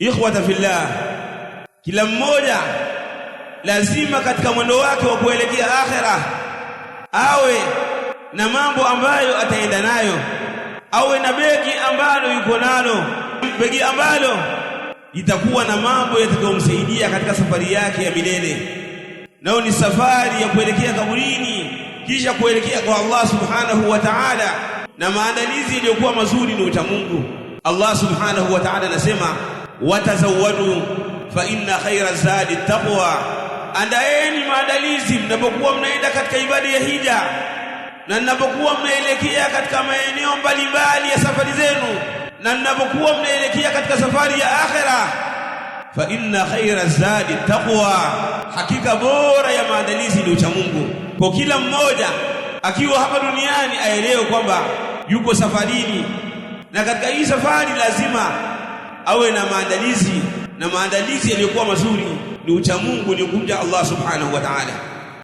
Ikhwata fillah, kila mmoja lazima katika mwendo wake wa kuelekea akhera awe na mambo ambayo ataenda nayo, awe na begi ambalo yuko nalo, begi ambalo itakuwa na mambo yatakayomsaidia katika safari yake ya milele, nayo ni safari ya kuelekea kaburini, kisha kuelekea kwa Allah subhanahu wa ta'ala, na maandalizi yaliyokuwa mazuri ni uchamungu Mungu. Allah subhanahu wa ta'ala anasema watazawadu fa inna khaira zadi taqwa, andaeni maandalizi mnapokuwa mnaenda katika ibada ya hija na mnapokuwa mnaelekea katika maeneo mbalimbali ya safari zenu na mnapokuwa mnaelekea katika safari ya akhera. Fa inna khaira zadi taqwa, hakika bora ya maandalizi ni ucha Mungu. Kwa kila mmoja akiwa hapa duniani aelewe kwamba yuko safarini, na katika hii safari lazima awe na maandalizi, na maandalizi yaliyokuwa mazuri ni uchamungu ni kumja Allah subhanahu wa ta'ala.